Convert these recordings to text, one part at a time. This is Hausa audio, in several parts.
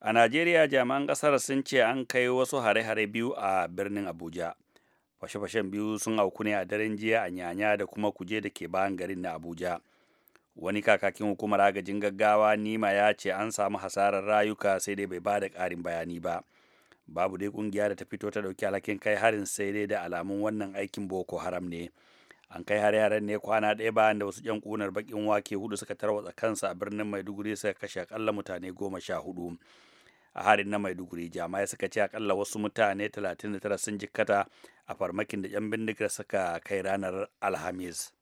A Najeriya jami'an ƙasar sun ce an kai wasu hare-hare biyu a birnin Abuja. Fashe-fashen biyu sun auku ne a daren jiya a Nyanya da kuma kuje da ke bayan garin na Abuja. Wani kakakin hukumar agajin gaggawa Nima ya ce an samu hasarar rayuka sai dai bai ba da ƙarin bayani ba. Babu dai ƙungiya da ta fito ta ɗauki alhakin kai harin sai dai da alamun wannan aikin Boko Haram ne. an kai hare-haren ne kwana ɗaya bayan da wasu 'yan ƙunar baƙin wake hudu suka tarwatsa kansa a birnin maiduguri suka kashe aƙalla mutane goma sha hudu a harin na maiduguri jama'a suka ce akalla wasu mutane 39 sun jikkata a farmakin da 'yan bindigar suka kai ranar alhamis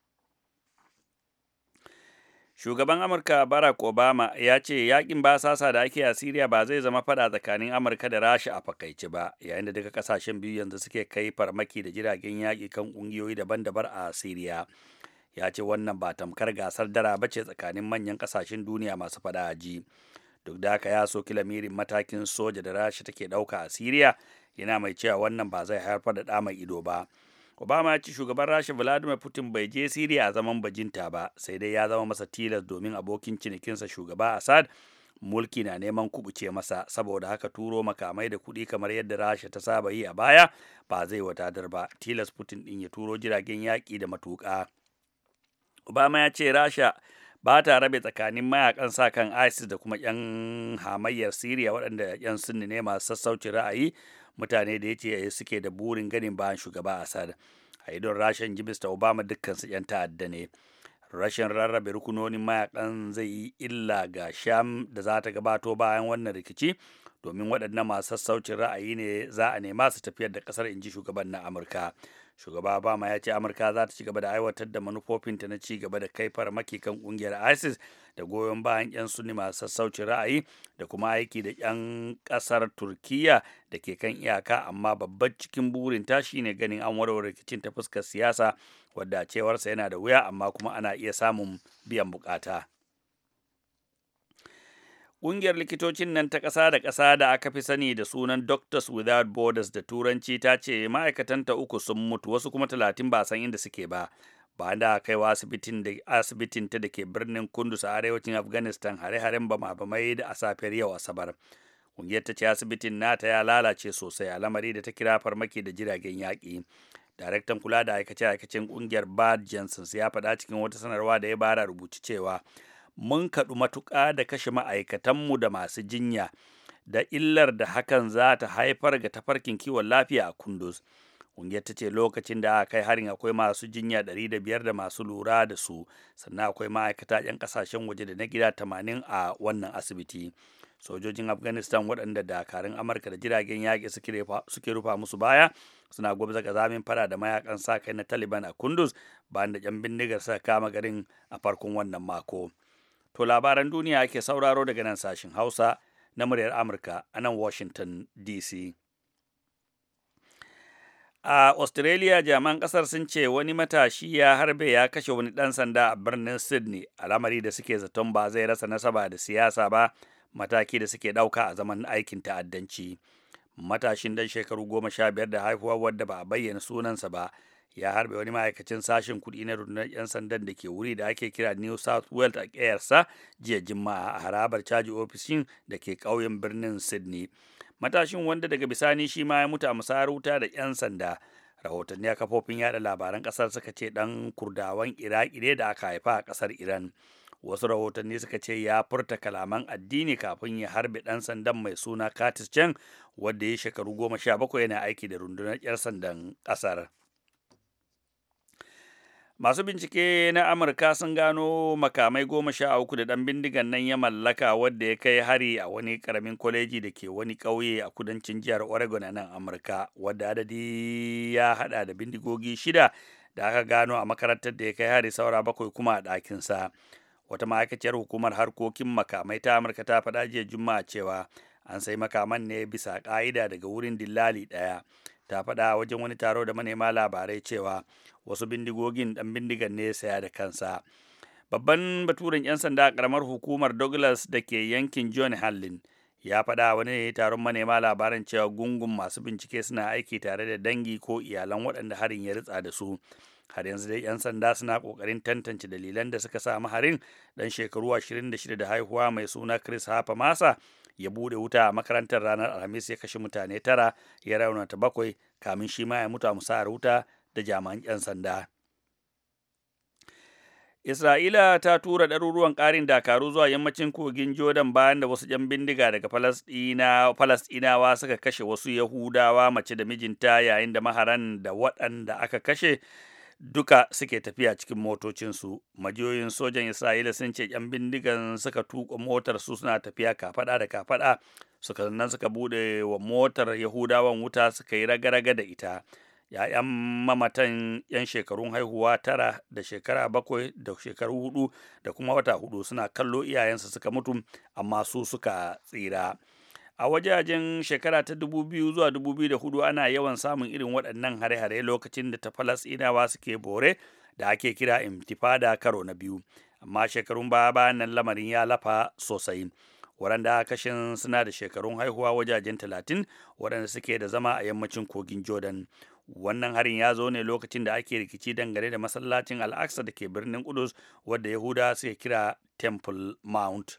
shugaban amurka barack obama ya ce yakin basasa da ake a syria ba zai zama fada tsakanin amurka da rasha a fakaici ba yayin da duka kasashen biyu yanzu suke kai farmaki da jiragen yaƙi kan ƙungiyoyi daban-daban a siriya ya ce wannan ba tamkar gasar dara ba ce tsakanin manyan kasashen duniya masu fada ji duk da haka ya soki lamirin matakin soja da rasha take ɗauka a siriya yana mai cewa wannan ba zai haifar da ɗa mai ido ba obama ya ci shugaban rasha vladimir putin bai je siriya a zaman bajinta ba sai dai ya zama masa tilas domin abokin cinikinsa shugaba assad mulki na neman kubuce masa saboda haka turo makamai da kuɗi kamar yadda rasha ta saba yi a baya ba zai wadatar ba tilas putin ɗin ya turo jiragen yaƙi da matuƙa obama ya ce rasha ba ta rabe tsakanin mayakan sa kan isis da kuma 'yan hamayyar siriya waɗanda 'yan sunni ne masu sassauci ra'ayi mutane da ce suke da burin ganin bayan shugaba assad a idon rashin jimista obama dukkansu 'yan ta'adda ne rashin rarrabe rukunonin mayakan zai yi illa ga sham da za ta gabato bayan wannan rikici domin waɗannan masu sassaucin ra'ayi ne za a nema su tafiyar da ƙasar inji shugaban na amurka shugaba obama ya ce amurka za ta ci gaba da aiwatar da manufofinta na ci gaba da kai farmaki kan kungiyar isis da goyon bayan 'yan sunni masu sassauci ra'ayi da kuma aiki da 'yan kasar turkiya da ke kan iyaka amma babban cikin burinta shine ganin an warware rikicin ta fuskar siyasa wadda cewarsa yana da wuya amma kuma ana iya samun biyan bukata. Ƙungiyar likitocin nan ta ƙasa da ƙasa da aka fi sani da sunan Doctors Without Borders da Turanci ta ce ma'aikatanta uku sun mutu wasu kuma talatin ba san inda suke ba. Ba da kaiwa asibitin da asibitin ta da ke birnin Kundus a arewacin Afghanistan hare-haren bama-bamai da asafiyar yau Asabar. Ƙungiyar ta ce asibitin nata ya lalace sosai a lamari da ta kira farmaki da jiragen yaƙi. Daraktan kula da aikace-aikacen ƙungiyar Bad Jensen ya faɗa cikin wata sanarwa da ya bara rubuci cewa mun kaɗu matuƙa da kashe ma'aikatanmu da masu jinya da illar da hakan za ta haifar ga tafarkin kiwon lafiya a kundus ƙungiyar ta ce lokacin da aka kai harin akwai masu jinya ɗari da biyar da masu lura da su sannan akwai ma'aikata 'yan ƙasashen waje da na gida tamanin a wannan asibiti sojojin afghanistan waɗanda dakarun amurka da jiragen yaƙi suke rufa musu baya suna gwabza zamin fara da mayakan sa kai na taliban a kundus bayan da 'yan bindigar suka kama garin a farkon wannan mako. To labaran duniya ke sauraro daga nan sashen Hausa na muryar Amurka a nan Washington DC. A Australia jami'an ƙasar sun ce wani matashi ya harbe ya kashe wani ɗan sanda a birnin Sydney, al'amari da suke zaton ba zai rasa nasaba da siyasa ba mataki da suke ɗauka a zaman aikin ta'addanci. Matashin ɗan shekaru goma sha biyar da haihuwa wadda ba a bayyana sunansa ba ya harbe wani ma'aikacin sashen kuɗi na rundunar 'yan sandan da ke wuri da ake kira new south wales a ƙeyarsa jiya juma'a a harabar caji ofishin da ke ƙauyen birnin sydney matashin wanda daga bisani shi ma ya mutu a musayar wuta da 'yan sanda rahotanni a kafofin yada labaran ƙasar suka ce ɗan kurdawan iraki ne da aka haifa a ƙasar iran wasu rahotanni suka ce ya furta kalaman addini kafin ya harbe ɗan sandan mai suna curtis cheng wanda ya shekaru goma sha bakwai yana aiki da rundunar 'yan sandan ƙasar masu bincike na amurka sun gano makamai goma sha uku da ɗan bindigan nan ya mallaka wadda ya kai hari a wani karamin kwaleji da ke wani ƙauye a kudancin jihar oregon a nan amurka wadda adadi ya haɗa da bindigogi shida da aka gano a makarantar da ya kai hari saura bakwai kuma a ɗakinsa wata ma'aikaciyar hukumar harkokin makamai ta amurka ta faɗa jiya juma'a cewa an sai makaman ne bisa ƙa'ida daga wurin dillali ɗaya ta faɗa wajen wani taro da manema labarai cewa wasu bindigogin ɗan bindigan ne saya da kansa babban baturen 'yan sanda a ƙaramar hukumar douglas da ke yankin john hallin ya faɗa wani taron manema labaran cewa gungun masu bincike suna aiki tare da dangi ko iyalan waɗanda harin ya ritsa da su har yanzu dai 'yan sanda suna ƙoƙarin tantance dalilan da suka sa harin ɗan shekaru 26 da haihuwa mai suna chris hafa masa ya bude wuta a makarantar ranar alhamis ya kashe mutane tara ya raunata bakwai kamin shi ma ya mutu a musayar wuta da jami'an 'yan sanda Isra'ila ta tura ɗaruruwan ƙarin dakaru zuwa yammacin kogin Jordan bayan da wasu ‘yan bindiga daga falastinawa suka kashe wasu Yahudawa mace da mijinta yayin da maharan da waɗanda aka kashe duka suke tafiya cikin motocinsu majiyoyin sojan isra'ila sun ce yan bindigan suka tuka motar su suna tafiya kafada da kafada suka nan suka bude wa motar yahudawan wuta suka yi raga-raga da ita ‘ya'yan mamatan ‘yan shekarun haihuwa tara da shekara bakwai da shekaru hudu da kuma wata hudu suna kallo iyayensu suka mutu amma su suka tsira. a wajajen shekara ta 2000 zuwa da hudu ana yawan samun irin waɗannan hare-hare lokacin da ta falasɗinawa suke bore da ake kira intifada karo na biyu amma shekarun baya bayan nan lamarin ya lafa sosai waɗanda kashin suna da shekarun haihuwa wajajen talatin waɗanda suke da zama a yammacin kogin jordan wannan harin ya zo ne lokacin da ake rikici dangane da masallacin al'aqsa da ke birnin kudus wadda yahuda suke kira temple mount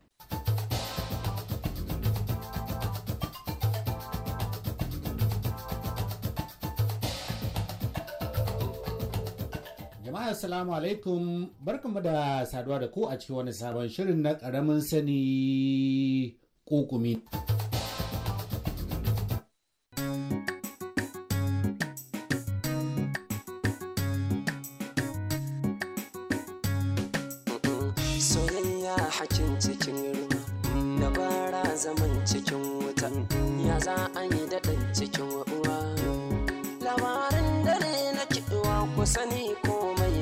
assalamu alaikum barkanmu da saduwa da ku a cikin wani sabon shirin na ƙaramin sani kukumi.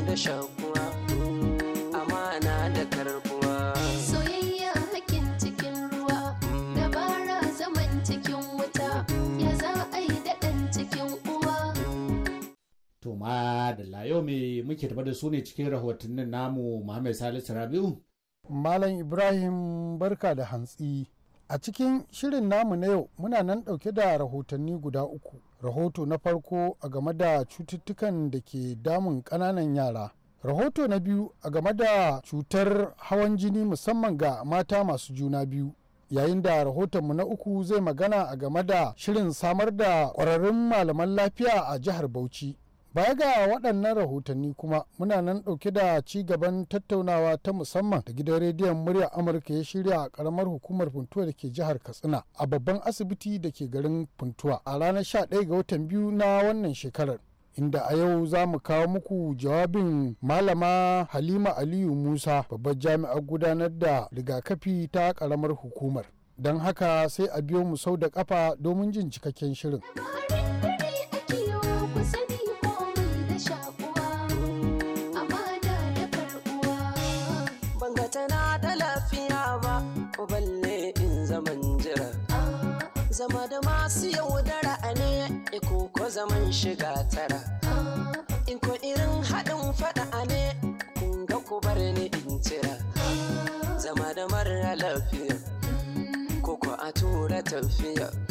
da shakuwa amana da karbuwa soyayya hakin cikin ruwa dabara zaman cikin wuta ya za a yi daɗin cikin uwa to ma da layo me muke tafa da su ne cikin rahotannin namu muhammad salisu rabiu malam ibrahim barka da hantsi a cikin shirin namu na yau muna nan ɗauke da rahotanni guda uku rahoto na farko a game da cututtukan da ke damun ƙananan yara rahoto na biyu a game da cutar hawan jini musamman ga mata masu juna biyu yayin da rahotonmu na uku zai magana a game da shirin samar da ƙwararrun malaman lafiya a jihar bauchi Baya ga waɗannan rahotanni kuma muna nan ɗauke da ci gaban tattaunawa ta musamman da gidan rediyon murya Amurka ya shirya a ƙaramar hukumar Funtuwa da ke jihar Katsina a babban asibiti da ke garin Funtuwa a ranar sha ɗaya ga watan biyu na wannan shekarar. inda a yau za mu kawo muku jawabin malama halima aliyu musa babbar jami'ar gudanar da rigakafi ta ƙaramar hukumar don haka sai a biyo mu sau da ƙafa domin jin cikakken shirin. zama da masu yaudara a ne ya ko zaman shiga tara in ko irin haɗin faɗa a ne kun ga ku bar ni in tira zama da mara lafiya ko ko a tura tafiya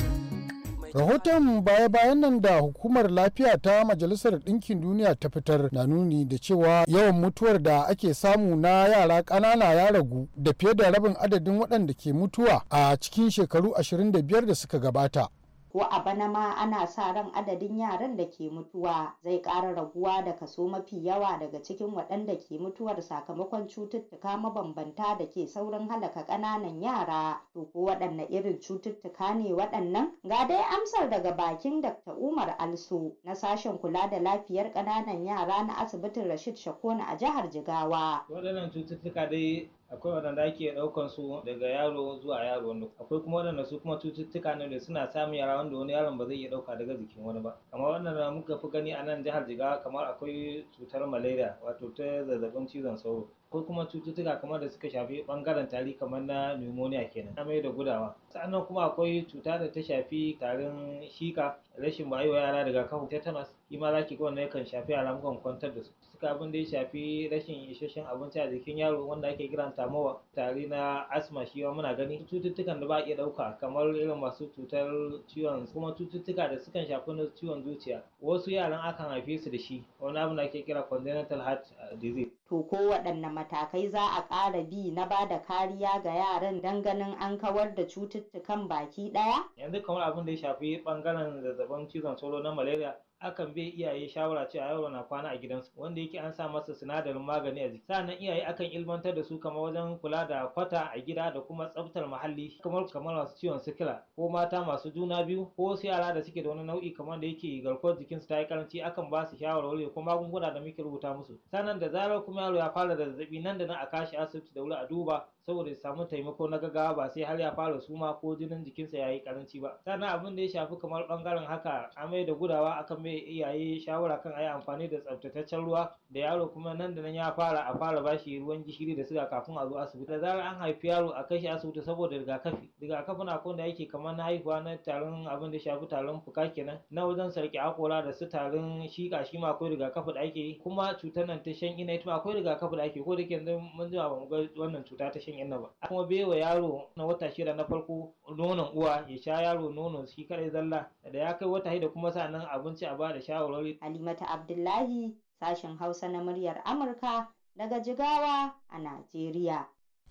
rahoton baya-bayan nan da hukumar lafiya ta majalisar ɗinkin duniya ta fitar na nuni da cewa yawan mutuwar da ake samu na yara ƙanana ya ragu da fiye da rabin adadin waɗanda ke mutuwa a cikin shekaru 25 da suka gabata ko a bana ma ana sa ran adadin yaran da ke mutuwa zai ƙara raguwa da kaso mafi yawa daga cikin waɗanda ke mutuwar sakamakon cututtuka mabambanta da ke saurin halaka ƙananan yara to ko waɗanne irin cututtuka ne waɗannan ga dai amsar daga bakin Dr. Umar Also na sashen kula da lafiyar ƙananan yara na asibitin Rashid Shakona a jihar Jigawa waɗannan cututtuka dai akwai waɗanda ake ɗaukan su daga yaro zuwa yaro wanda akwai kuma waɗanda su kuma cututtuka ne da suna samun yara wanda wani yaron ba zai iya ɗauka daga jikin wani ba kamar waɗanda muka fi gani a nan jihar jigawa kamar akwai cutar malaria wato ta zazzabin cizon sauro Akwai kuma cututtuka kamar da suka shafi ɓangaren tari kamar na pneumonia kenan amai da gudawa sannan kuma akwai cuta da ta shafi tarin shika rashin ba yara daga kafin tetanus ma za ki ga yakan shafi yara mukan kwantar da su suka abin da ya shafi rashin isasshen abinci a jikin yaro wanda ake kiran tamowa tare na asma shi wa muna gani cututtukan da ba a iya ɗauka kamar irin masu cutar ciwon kuma cututtuka da sukan shafi na ciwon zuciya wasu yaran akan haife su da shi wani abin da ake kira congenital heart uh, disease to ko waɗanne matakai za a ƙara bi na ba da kariya ga yaran dan ganin an kawar da cututtukan baki ɗaya? Yanzu kamar abin da ya shafi ɓangaren zazzabin cizon sauro na malaria akan bai iyaye shawara cewa yaro na kwana a gidansu wanda yake an sa masa sinadarin magani a jiki sannan iyaye akan ilmantar da su kamar wajen kula da kwata a gida da kuma tsaftar muhalli kamar kamar masu ciwon sikila ko mata masu juna biyu ko wasu yara da suke da wani nau'i kamar da yake garkuwar jikinsu ta yi karanci akan ba su shawarwari ko magunguna da muke rubuta musu sannan da zarar kuma yaro ya fara da zazzabi nan da nan a kashi asibiti da wuri a duba saboda ya samu taimako na gaggawa ba sai har ya fara suma ko jinin jikinsa ya yi karanci ba sannan abin da ya shafi kamar bangaren haka a mai da gudawa akan mai iyaye shawara kan a yi amfani da tsaftataccen ruwa da yaro kuma nan da nan ya fara a fara bashi ruwan gishiri da siga kafin a zo asibiti da zarar an haifi yaro a kai shi asibiti saboda rigakafi rigakafi na kun da yake kamar na haihuwa na tarin abin da shafi tarin fuka kenan na wajen sarki akora da su tarin shika shi ma akwai rigakafi da ake yi kuma cutar nan ta shan ina ita ma akwai rigakafi da ake ko da ke yanzu mun jima ba wannan cuta ta shan inna ba kuma baiwa yaro na wata shida na farko nonon uwa ya sha yaro nono shi kadai zalla da ya kai wata shida kuma sanan abinci a bada shawarwari Halimatu Abdullahi sashen Hausa na muryar Amurka daga Jigawa a Najeriya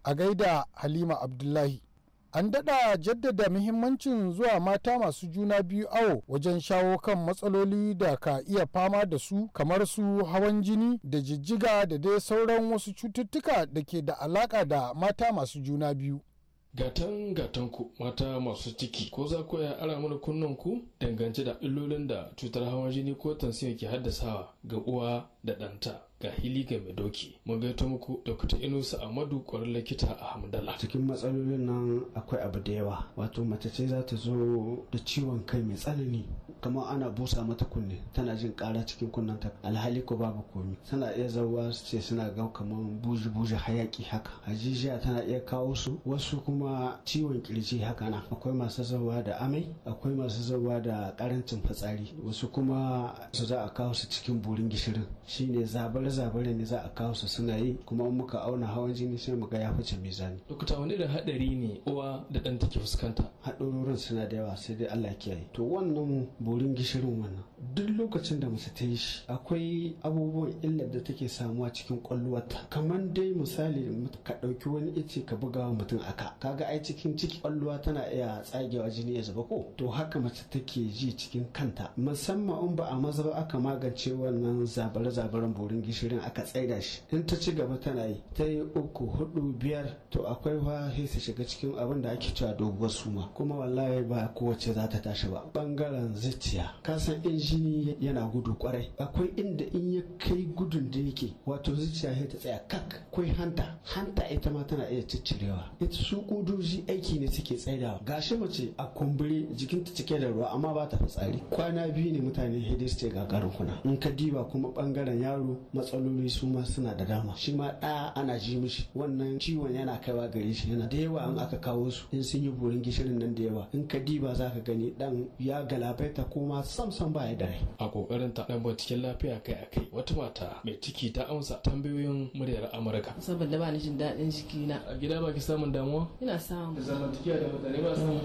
a gaida Halima Abdullahi an daɗa jaddada muhimmancin zuwa mata masu juna biyu awo wajen shawo kan matsaloli da ka iya fama da su kamar su hawan jini da jijjiga da dai sauran wasu cututtuka da ke da alaƙa da mata masu juna biyu gatan gatan ku mata masu ciki ko za ku iya ara mana kunnen ku dangance da illolin da cutar hawan jini ko tansiyon ke haddasawa ga uwa da ɗanta ga hili ga mai doki mun ta muku dr inusa amadu kwarar likita a hamdala cikin matsalolin nan akwai abu da yawa wato mace ce za ta zo da ciwon kai mai tsanani kamar ana busa mata kunne tana jin kara cikin kunnen ta alhali ko babu komi tana iya zauwa su ce suna ga kamar buji buji hayaki haka ajijiya tana iya kawo su wasu kuma ciwon kirji haka na akwai masu zauwa da amai akwai masu zauwa da karancin fitsari wasu kuma su za a kawo su cikin burin gishirin shine zabar zabare zabare ne za a kawo su suna yi kuma in muka auna hawan jini sai mu ga ya fice mizani dokta wani da hadari ne uwa da dan take fuskanta hadarorin suna da yawa sai dai Allah kiyaye to wannan burin gishirin wannan duk lokacin da mace ta yi shi akwai abubuwan illar da take samuwa cikin kwalluwarta kamar dai misali ka ɗauki wani ice ka buga wa mutum aka kaga ai cikin ciki kwalluwa tana iya tsagewa jini ya zuba ko to haka mace take ji cikin kanta musamman in ba a maza ba aka magance wannan zabare zabaran borin gishirin aka tsaida shi in ta ci gaba tana yi ta yi uku hudu biyar to akwai fa sai shiga cikin abin da ake cewa doguwar suma kuma wallahi ba kowace za ta tashi ba bangaren zuciya ka san jini yana gudu kwarai akwai inda in ya kai gudun da yake wato zuciya ya ta tsaya kak akwai hanta hanta ita ma tana iya ciccirewa ita su kudoji aiki ne suke tsaidawa gashi mace a kumburi jikinta cike da ruwa amma ba ta fitsari kwana biyu ne mutane hidis ce ga kuna in ka diba kuma bangaren yaro matsaloli su ma suna da dama shi ma da ana ji mishi wannan ciwon yana kaiwa gare shi yana da yawa in aka kawo su in sun yi burin gishirin nan da yawa in ka diba za ka gani dan ya galabaita kuma sam sam ba ya dare a kokarin ta dan binciken lafiya kai a kai wata mata mai ciki ta amsa tambayoyin muryar amurka saboda ba ni jin daɗin jiki na a gida ba ki samun damuwa ina samu zamantakewa da mutane ba samu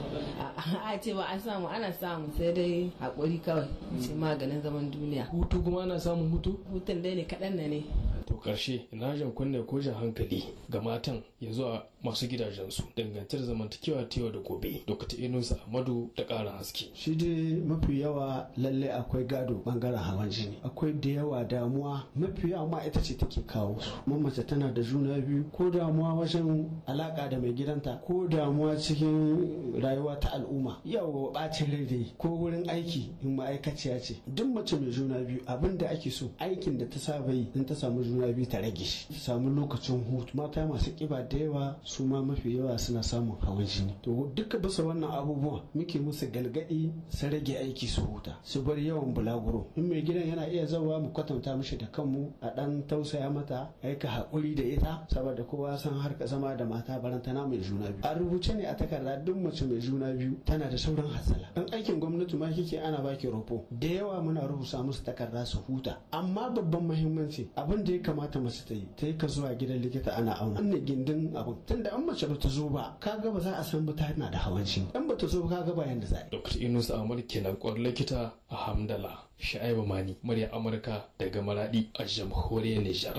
a ce ba an samu ana samu sai dai hakuri kawai ce maganin zaman duniya hutu kuma ana samun hutu hutun dai ne kaɗan na ne to karshe ina jan kunne ko jan hankali ga matan ya a masu gidajen su. dangantar zamantakewa ta yau da gobe dokta inusa amadu da ƙaran haske shi dai mafi yawa lalle akwai gado bangaren hawan jini akwai da yawa damuwa mafi yawa ma ita ce take kawo su mun mace tana da juna biyu ko damuwa wajen alaka da mai gidanta ko damuwa cikin rayuwa ta al'umma yawa bacin rai ko wurin aiki in ma'aikaciya ce duk mace mai juna biyu abin da ake so aikin da ta saba yi in ta samu juna biyu ta rage shi samu lokacin hutu mata masu kiba da yawa su ma mafi yawa suna samun hawan jini to duka bisa wannan abubuwa muke musu galgadi su rage aiki su huta su bar yawan bulaguro in mai gidan yana iya zawa mu kwatanta mishi da kanmu a dan tausaya mata aika hakuri da ita saboda kowa san har ka zama da mata barantana mai juna biyu a rubuce ne a takarda duk mace mai juna biyu tana da sauran hasala dan aikin gwamnati ma kike ana baki rofo da yawa muna rubuta musu takarda su huta amma babban muhimmanci abin da ya kamata mace ta yi ta yi ka zuwa gidan likita ana auna wannan gindin abin tunda an mace ba ta zo ba kaga ba za a san ba na da hawan jini dan ba ta zo ba kaga ba yanda za a yi dr inus amal kenan kwar likita a hamdala sha'ibu mani murya amurka daga maradi a jamhuriyar nijar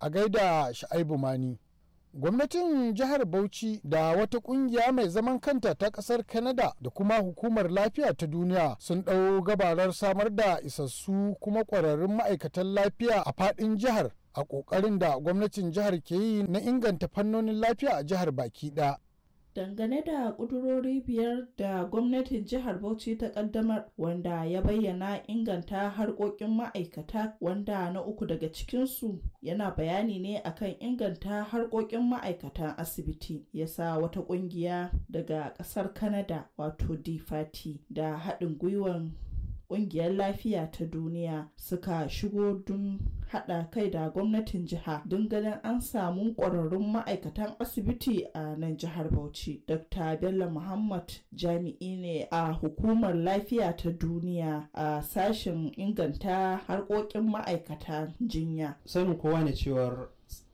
a gaida sha'ibu mani gwamnatin jihar bauchi da wata kungiya mai zaman kanta ta kasar canada da kuma hukumar lafiya ta duniya sun ɗau gabarar samar da isassu kuma ƙwararrun ma'aikatan lafiya a faɗin jihar a ƙoƙarin da gwamnatin jihar ke yi na inganta fannonin lafiya a jihar baki ɗaya. dangane da ƙudurori biyar da gwamnatin jihar bauchi ta ƙaddamar wanda ya bayyana inganta harkokin ma'aikata wanda na uku daga cikinsu yana bayani ne akan inganta harkokin ma'aikatan asibiti ya sa wata ƙungiya daga ƙasar Kanada wato dfati da haɗin gwiwan ƙungiyar lafiya ta duniya suka shigo don haɗa kai da gwamnatin jiha don ganin an samu ƙwararrun ma'aikatan asibiti a nan jihar Bauchi. Dr. Bello Muhammad jami'i ne a hukumar lafiya ta duniya a sashen inganta harkokin ma'aikatan jinya. Sanin kowa ne cewar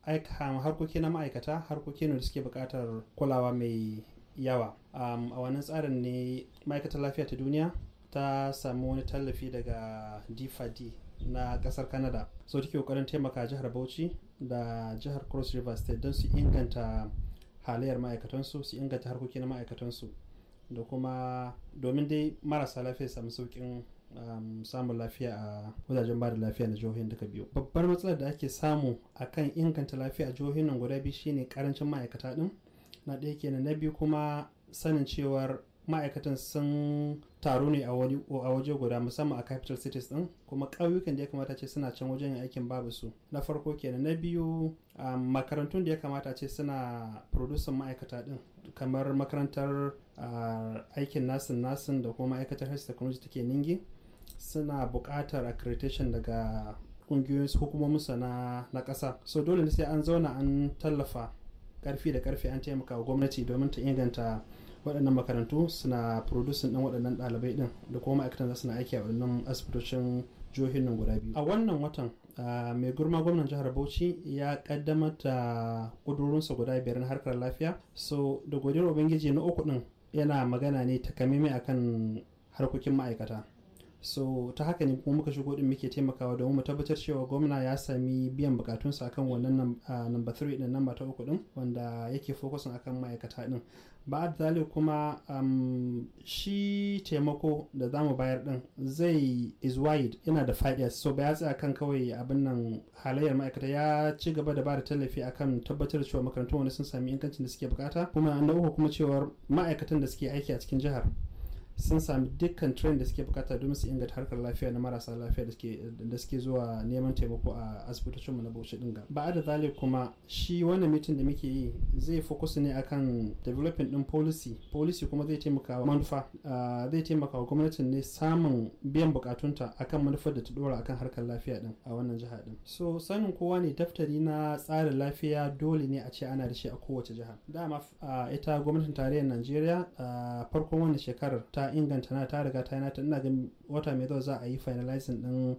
harkoki na ma'aikata harkoki ne da suke bukatar kulawa mai yawa. a wannan tsarin ne ma'aikatar lafiya ta duniya ta samu wani tallafi daga dfd na kasar kanada so take kokarin taimaka jihar bauchi da jihar cross river state don su inganta halayyar ma'aikatansu su inganta harkokin ma'aikatansu da kuma domin dai marasa lafiya samu saukin um, samun lafiya a wajajen ba da lafiya na jihohin duka biyu babbar matsalar da ake samu akan inganta lafiya a jihohin nan guda biyu shine karancin ma'aikata din na ɗaya kenan na biyu kuma sanin cewar ma'aikatan sun taru ne a waje guda musamman a capital cities din kuma ƙauyukan da ya kamata ce suna can wajen aikin babu su na farko kenan na biyu makarantun da ya kamata ce suna producing ma'aikata din kamar makarantar aikin nasin nasin da kuma ma'aikatar health technology take ningi suna buƙatar accreditation daga kungiyoyin hukumomin sa na ƙasa so dole ne sai an zauna an tallafa karfi da karfi an taimaka wa gwamnati domin ta inganta waɗannan makarantu suna producing ɗin waɗannan ɗalibai ɗin da kuma ma'aikatan za suna aiki a waɗannan asibitocin jihohin nan guda biyu a wannan watan mai girma gwamnan jihar bauchi ya kaddamar da ƙudurinsa guda biyar na harkar lafiya so da godiyar ubangiji na uku ɗin yana magana ne takamaimai akan harkokin ma'aikata so ta haka ne kuma muka shigo din muke taimakawa domin mu tabbatar cewa gwamna ya sami biyan sa akan wannan number 3 din number ta uku din wanda yake fokusin akan ma'aikata din ba da kuma um, shi taimako da zamu bayar din zai is wide yana da faɗi so ba ya tsaya kan kawai abin nan halayyar ma'aikata ya ci gaba da ba da tallafi akan tabbatar cewa makarantun wani sun sami ingancin da suke bukata kuma na uku kuma cewa ma'aikatan da suke aiki a cikin jihar sun sami dukkan train da suke bukata domin su inganta harkar lafiya na marasa lafiya da suke zuwa neman taimako a asibitocin mu na Bauchi din ga ba da zalik kuma shi wannan mitin da muke yi zai focus ne akan developing din policy policy kuma zai taimaka wa manufa zai taimaka wa gwamnatin ne samun biyan bukatunta akan manufar da ta dora akan harkar lafiya din a wannan jiha din so sanin kowa ne daftari na tsarin lafiya dole ne a ce ana da shi a kowace jiha dama ita gwamnatin tarayyar Najeriya farkon wannan shekarar ta inganta na ta riga ta yana ta ina ga wata mai zuwa za a yi finalizing din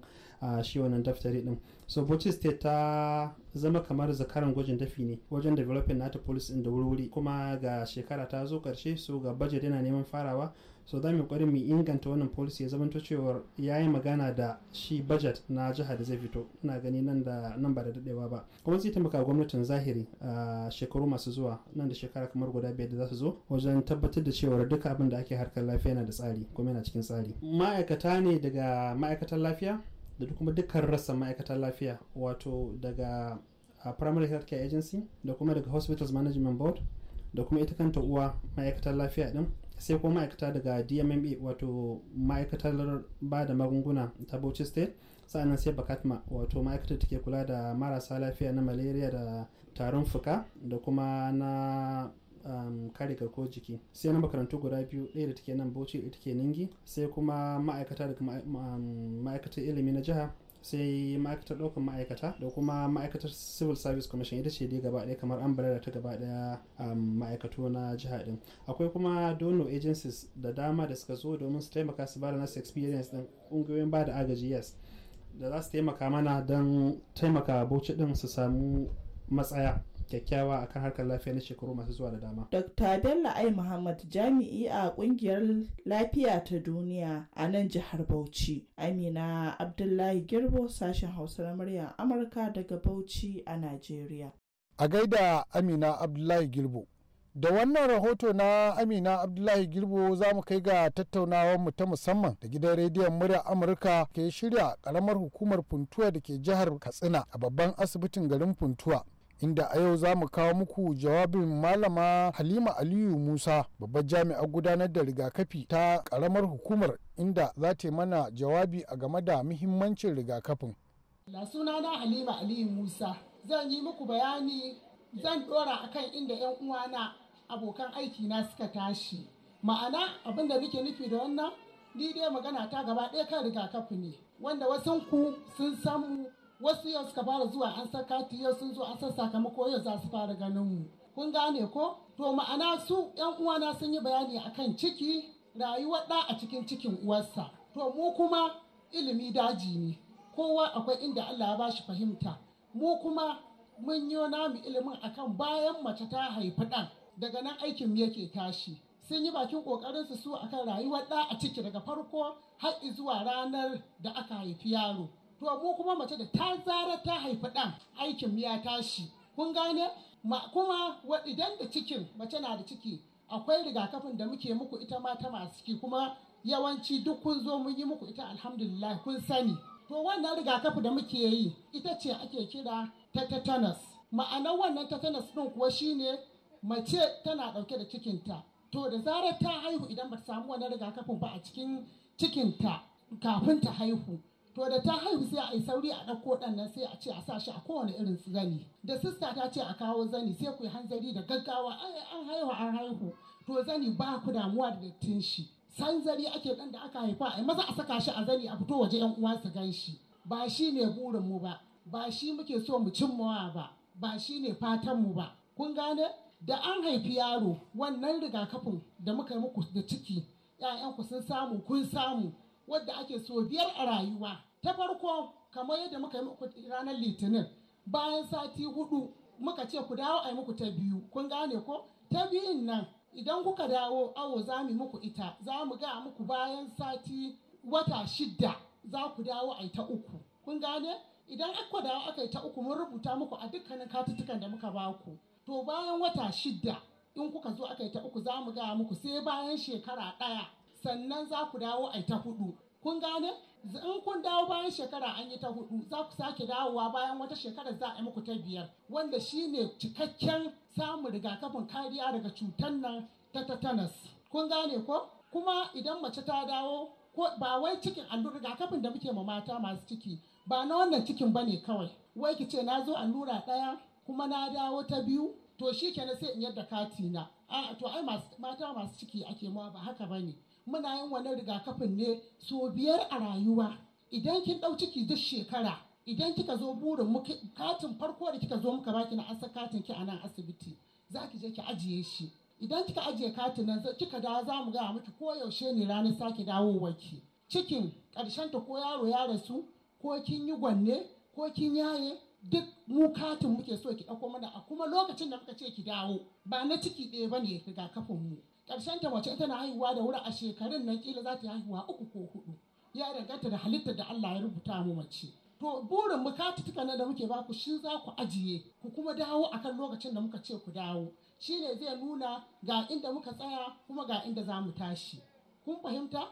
shi wannan daftari din so bauchi state ta zama kamar zakaran gwajin dafi ne wajen developing nata police in da wuri kuma ga shekara ta zo karshe so ga budget yana neman farawa so za mu yi mu inganta wannan policy ya zamanto cewar ya yi magana da shi budget na jihar da zai fito ina gani nan da nan ba da dadewa ba kuma zai taimaka gwamnatin zahiri a shekaru masu zuwa nan da shekara kamar guda biyar da za su zo wajen tabbatar da cewar duka abin da ake harkar lafiya yana da tsari kuma yana cikin tsari ma'aikata ne daga ma'aikatan lafiya da kuma dukkan rassan ma'aikatan lafiya wato daga a primary health care agency da kuma daga hospitals management board da kuma ita kanta uwa ma'aikatar lafiya din sai kuma ma'aikata daga dmma wato ma'aikatar ba da magunguna ta bauchi state sa'annan sai bakatma wato ma'aikatar take kula da marasa lafiya na malaria da tarin fuka da kuma na um, kare garkuwar jiki sai na makarantu guda biyu ɗaya da take nan bauchi ita ke ningi sai kuma ma'aikata daga um, ma'aikatar ilimi na jiha sai ma'aikatar ɗaukar ma'aikata da kuma ma'aikatar civil service commission ita ce dai gaba ɗaya kamar umbrella ta gaba ɗaya um, ma'aikato na jiha ɗin akwai kuma donor agencies da dama da suka zo domin su taimaka su bada nasu experience ɗin ƙungiyoyin ba da agaji yes da za su taimaka mana don taimaka bauchi ɗin su samu matsaya kyakkyawa akan harkar lafiya na shekaru masu zuwa da dama. Dr. Bello Ai Muhammad jami'i a kungiyar lafiya ta duniya a nan jihar Bauchi. Amina Abdullahi Girbo sashen Hausa na murya Amurka daga Bauchi a Najeriya. A gaida Amina Abdullahi Girbo. Da wannan rahoto na Amina Abdullahi Girbo za mu kai ga tattaunawar mu ta musamman da gidan rediyon murya Amurka ke shirya karamar hukumar Funtuwa da ke jihar Katsina a babban asibitin garin Funtuwa. inda a yau za mu kawo muku jawabin malama halima aliyu musa babbar jami'ar gudanar da rigakafi ta karamar hukumar inda za ta mana jawabi a game da muhimmancin rigakafin na sunana halima aliyu musa zan yi muku bayani zan dora kan inda yan uwana abokan aiki na suka tashi ma'ana abin da muke nufi da wannan ni dai magana ta gaba ɗaya kan rigakafi ne wanda wasan ku sun samu wasu yau suka fara zuwa an san kati yau sun zo an san sakamako yau za su fara ganin mu kun gane ko to ma'ana su yan uwana sun yi bayani akan ciki rayuwar ɗa a cikin cikin uwarsa to mu kuma ilimi daji ne kowa akwai inda Allah ya bashi fahimta mu kuma mun yi namu ilimin akan bayan mace ta haifi ɗan daga nan aikin yake tashi sun yi bakin kokarin su su akan rayuwar ɗa a ciki daga farko har zuwa ranar da aka haifi yaro to mu kuma mace da ta zara ta haifi ɗan aikin ya tashi kun gane kuma idan da cikin mace na da ciki akwai rigakafin da muke muku ita mata ta masu ciki kuma yawanci duk kun zo mun yi muku ita alhamdulillah kun sani to wannan rigakafi da muke yi ita ce ake kira ta tetanus ma'anar wannan tetanus din kuwa shine mace tana ɗauke da cikinta to da zarar ta haihu idan ba ta samu wannan rigakafin ba a cikin cikinta kafin ta haihu to da ta haihu sai a yi sauri a ɗauko ɗan nan sai a ce a sa shi a kowane irin zani da sista ta ce a kawo zani sai ku yi hanzari da gaggawa an haihu an haihu to zani ba ku damuwa da dattin shi san zari ake ɗan da aka haifa a maza a saka shi a zani a fito waje yan uwa su gan shi ba shi ne burin mu ba ba shi muke so mu cimmawa ba ba shi ne fatan mu ba kun gane da an haifi yaro wannan rigakafin da muka yi muku da ciki 'ya'yanku sun samu kun samu wadda ake so biyar a rayuwa ta farko kamar yadda muka yi muku ranar litinin bayan sati hudu muka ce ku dawo a yi muku ta biyu kun gane ko ta biyun nan idan kuka dawo awo za mu muku ita za mu ga muku bayan sati wata shidda za ku dawo a yi ta uku kun gane idan aka dawo aka yi ta uku mun rubuta muku a dukkanin katutukan da muka ba ku to bayan wata shidda in kuka zo aka yi ta uku za mu ga muku sai bayan shekara ɗaya sannan za ku dawo a ta hudu kun gane in kun dawo bayan shekara an yi ta hudu za ku sake dawowa bayan wata shekara za a yi muku ta biyar wanda shi ne cikakken samun rigakafin kariya daga cutar nan ta tetanus kun gane ko kuma idan mace ta dawo ko ba wai cikin allura rigakafin da muke ma mata masu ciki ba na wannan cikin bane kawai wai ki ce na zo allura ɗaya kuma na dawo ta biyu to shi kenan sai in yadda katina a to ai mata masu ciki ake ma ba haka bane muna yin wannan rigakafin ne so biyar a rayuwa idan kin ɗau ciki duk shekara idan kika zo burin katin farko da kika zo muka baki na asa katin ki a nan asibiti za ki je ki ajiye shi idan kika ajiye katin nan kika dawo za mu gaya miki ko yaushe ne ranar sake waki cikin karshen ta ko yaro ya rasu ko kin yi gwanne ko kin yaye duk mu katin muke so ki ɗauko mana a kuma lokacin da muka ce ki dawo ba na ciki ɗaya ba ne rigakafin mu Karshen ta mace tana haihuwa da wuri a shekarun nan kila za ta haihuwa uku ko hudu ya danganta da halittar da Allah ya rubuta mu mace to burin mu tuka na da muke ba ku shi za ku ajiye ku kuma dawo akan lokacin da muka ce ku dawo shine zai nuna ga inda muka tsaya kuma ga inda za mu tashi kun fahimta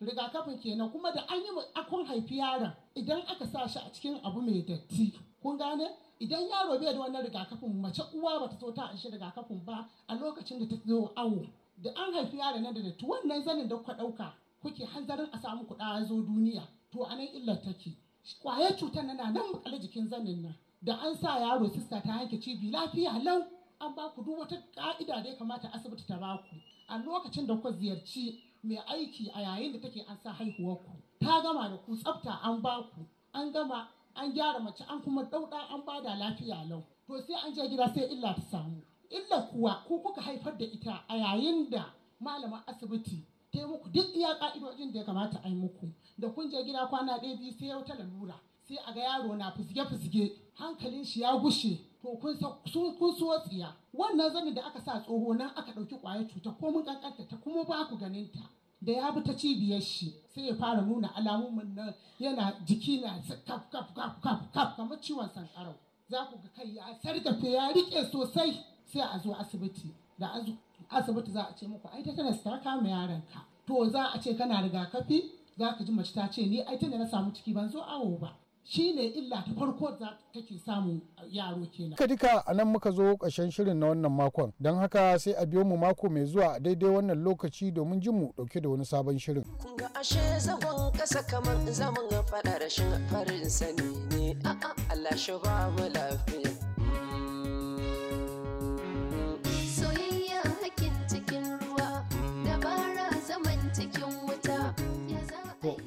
rigakafin kenan kuma da an yi akon haifi yaron idan aka sa shi a cikin abu mai datti kun gane idan yaro bai da wannan rigakafin mace uwa bata so ta shi rigakafin ba a lokacin da ta zo awo da an haifi yaron nan da to wannan zanin da kuka ɗauka kuke hanzarin a samu kuɗa a zo duniya to a nan illar take kwayar cutar na nan makale jikin zanin nan da an sa yaro sista ta hanke cibi lafiya lau an ba ku duk wata ka'ida da ya kamata asibiti ta ba ku a lokacin da kuka ziyarci mai aiki a yayin da take an sa haihuwar ku ta gama da ku tsafta an ba ku an gama an gyara mace an kuma dauɗa an bada lafiya lau to sai an je gida sai illa ta samu illa kuwa ko kuka haifar da ita a yayin da malamin asibiti ta yi muku duk iya ka'idojin da ya kamata a yi muku da kun je gida kwana ɗaya biyu sai ya ta lalura sai a ga yaro na fusge-fusge hankalin shi ya gushe to kun so tsiya wannan zanin da aka sa tsoho nan aka ɗauki ƙwayar cuta ko mun ƙanƙanta ta kuma ba ku ganin ta da ya bi ta cibiyar shi sai ya fara nuna alamomin nan yana jiki na kaf kaf kaf kaf kamar ciwon sankarau za ku ga kai ya sarkafe ya riƙe sosai sai a zo asibiti da asibiti za a ce muku ai tana ta kama ka to za a ce kana rigakafi za ka ji mace ta ce ni ai tana na samu ciki ban zo awo ba shine illa ta farko da take samu yaro kenan. Ka duka a nan muka zo ƙarshen shirin na wannan makon don haka sai a biyo mu mako mai zuwa a daidai wannan lokaci domin jin mu ɗauke da wani sabon shirin. Ga ashe zagon ƙasa kamar zaman faɗa rashin farin sani ne a'a Allah shi ba mu lafiya.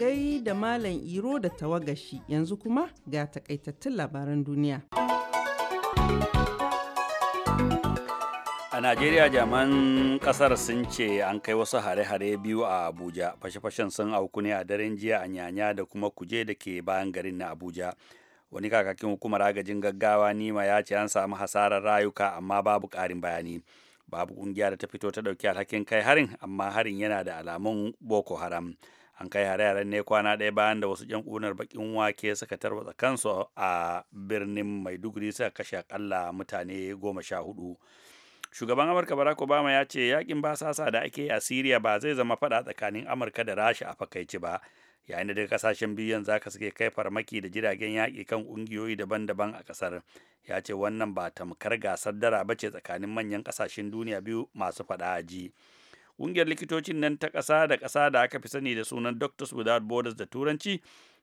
gai da Malam Iro da tawagashi yanzu kuma ga takaitattun labaran duniya. A Najeriya jaman kasar sun ce an kai wasu hare-hare biyu a Abuja, fashe-fashen sun auku ne a daren jiya a Nyanya da kuma kuje da ke bayan garin na Abuja. Wani kakakin hukumar agajin gaggawa Nima ya ce an samu hasarar rayuka amma babu ƙarin bayani. Babu ƙungiya da ta fito ta ɗauki alhakin kai harin amma harin yana da alamun Boko Haram. an kai hare-haren ne kwana ɗaya bayan da wasu yan ƙunar bakin wake suka tarwatsa kansu a birnin maiduguri suka kashe akalla mutane goma sha hudu shugaban amurka barack obama ya ce yakin basasa da ake a syria ba zai zama fada tsakanin amurka da rasha a fakaici ba yayin da daga kasashen biyu yanzu haka suke kai farmaki da jiragen yaƙi kan ƙungiyoyi daban-daban a ƙasar ya ce wannan ba tamkar gasar dara ba ce tsakanin manyan ƙasashen duniya biyu masu faɗa a ji ƙungiyar likitocin nan ta ƙasa da ƙasa da aka fi sani da sunan doctors without borders da turanci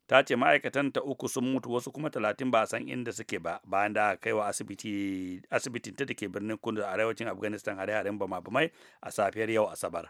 ta ce ma'aikatan ta uku sun mutu wasu kuma talatin ba a san inda suke ba bayan da aka kai wa asibitin ta da ke birnin kundu a arewacin afghanistan hare-haren bama-bamai a safiyar yau asabar